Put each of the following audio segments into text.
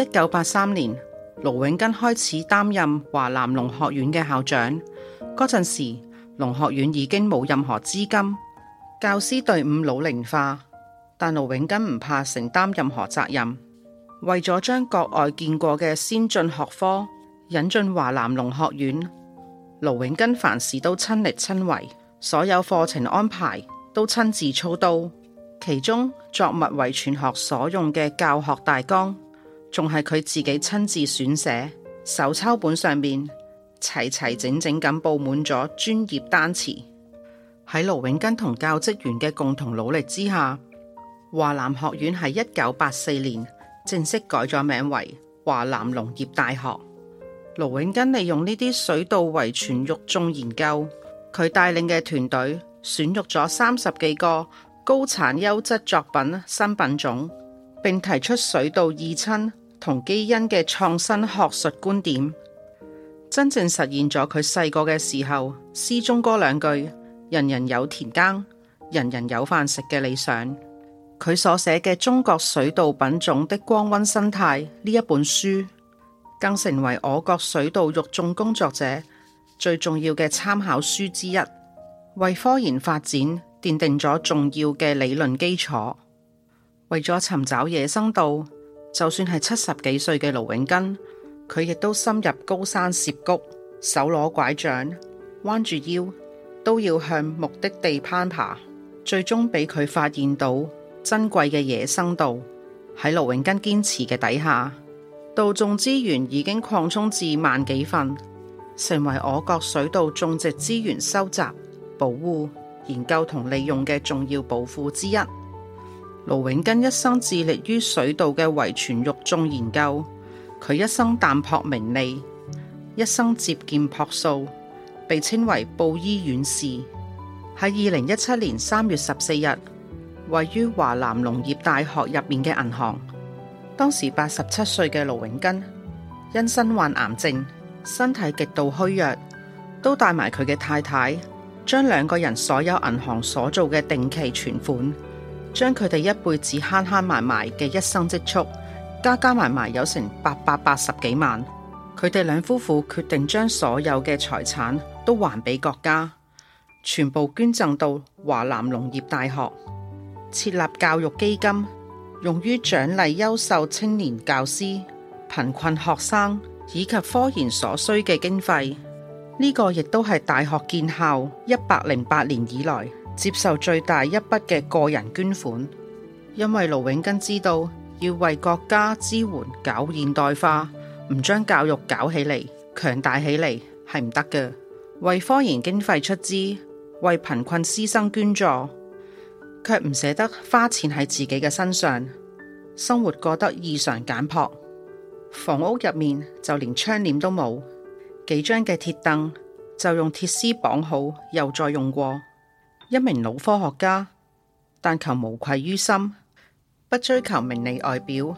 一九八三年，盧永根開始擔任華南農學院嘅校長。嗰陣時，農學院已經冇任何資金，教師隊伍老齡化，但盧永根唔怕承擔任何責任。為咗將國外見過嘅先進學科引進華南農學院，盧永根凡事都親力親為，所有課程安排都親自操刀。其中作物遺傳學所用嘅教學大綱。仲係佢自己親自選寫，手抄本上面齊齊整整咁布滿咗專業單詞。喺盧永根同教職員嘅共同努力之下，華南學院喺一九八四年正式改咗名為華南農業大學。盧永根利用呢啲水稻遺傳育種研究，佢帶領嘅團隊選育咗三十幾個高產優質作品新品種，並提出水稻異親同基因嘅創新學術觀點，真正實現咗佢細個嘅時候，詩中嗰兩句：人人有田耕，人人有飯食嘅理想。佢所寫嘅《中國水稻品種的光溫生態》呢一本書，更成為我國水稻育種工作者最重要嘅參考書之一，為科研發展奠定咗重要嘅理論基礎。為咗尋找野生稻。就算係七十幾歲嘅盧永根，佢亦都深入高山涉谷，手攞拐杖，彎住腰，都要向目的地攀爬。最終畀佢發現到珍貴嘅野生稻。喺盧永根堅持嘅底下，稻種資源已經擴充至萬幾份，成為我國水稻種植資源收集、保護、研究同利用嘅重要寶庫之一。盧永根一生致力於水稻嘅遺傳育種研究，佢一生淡泊名利，一生接見樸素，被稱為布衣院士。喺二零一七年三月十四日，位於華南農業大學入面嘅銀行，當時八十七歲嘅盧永根因身患癌症，身體極度虛弱，都帶埋佢嘅太太，將兩個人所有銀行所做嘅定期存款。將佢哋一輩子慳慳埋埋嘅一生積蓄加加埋埋有成八百八十幾萬，佢哋兩夫婦決定將所有嘅財產都還俾國家，全部捐贈到華南農業大學，設立教育基金，用於獎勵優秀青年教師、貧困學生以及科研所需嘅經費。呢、個亦都係大學建校一百零八年以來接受最大一筆嘅個人捐款，因為盧永根知道要為國家支援搞現代化，唔將教育搞起嚟、強大起嚟係唔得嘅。為科研經費出資，為貧困師生捐助，卻唔捨得花錢喺自己嘅身上，生活過得異常簡樸，房屋入面就連窗簾都冇。幾張嘅鐵凳就用鐵絲綁好，又再用過。一名老科學家，但求無愧於心，不追求名利外表，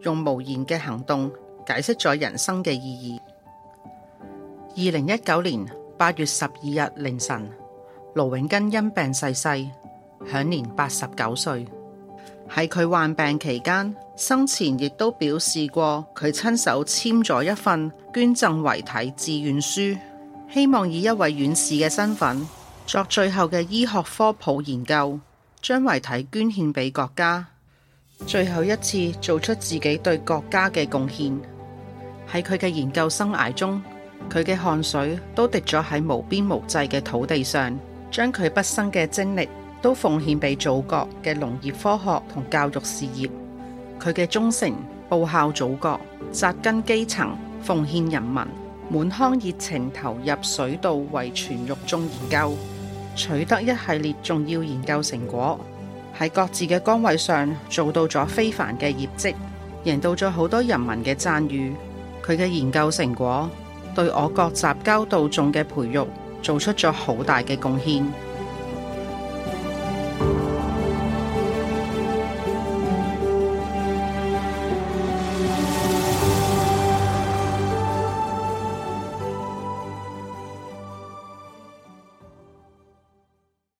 用無言嘅行動解釋咗人生嘅意義。二零一九年八月十二日凌晨，盧永根因病逝世，世，享年八十九歲。喺佢患病期間。生前亦都表示過，佢親手簽咗一份捐贈遺體志願書，希望以一位院士嘅身份作最後嘅醫學科普研究，將遺體捐獻俾國家，最後一次做出自己對國家嘅貢獻。喺佢嘅研究生涯中，佢嘅汗水都滴咗喺無邊無際嘅土地上，將佢畢生嘅精力都奉獻俾祖國嘅農業科學同教育事業。佢嘅忠誠、報效祖國、紮根基層、奉獻人民，滿腔熱情投入水稻遺傳育種研究，取得一系列重要研究成果，喺各自嘅崗位上做到咗非凡嘅業績，贏到咗好多人民嘅讚譽。佢嘅研究成果對我國雜交稻種嘅培育做出咗好大嘅貢獻。